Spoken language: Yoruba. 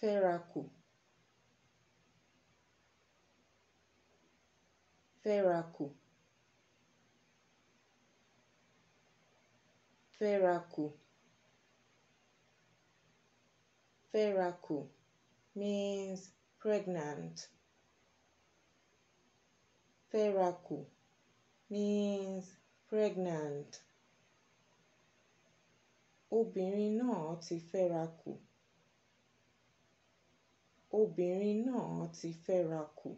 fẹ́rakù fẹ́rakù fẹ́rakù fẹ́rakù means pregnant fẹ́rakù means pregnant obìnrin náà ti fẹ́rakù obìnrin náà ti fẹ́rakù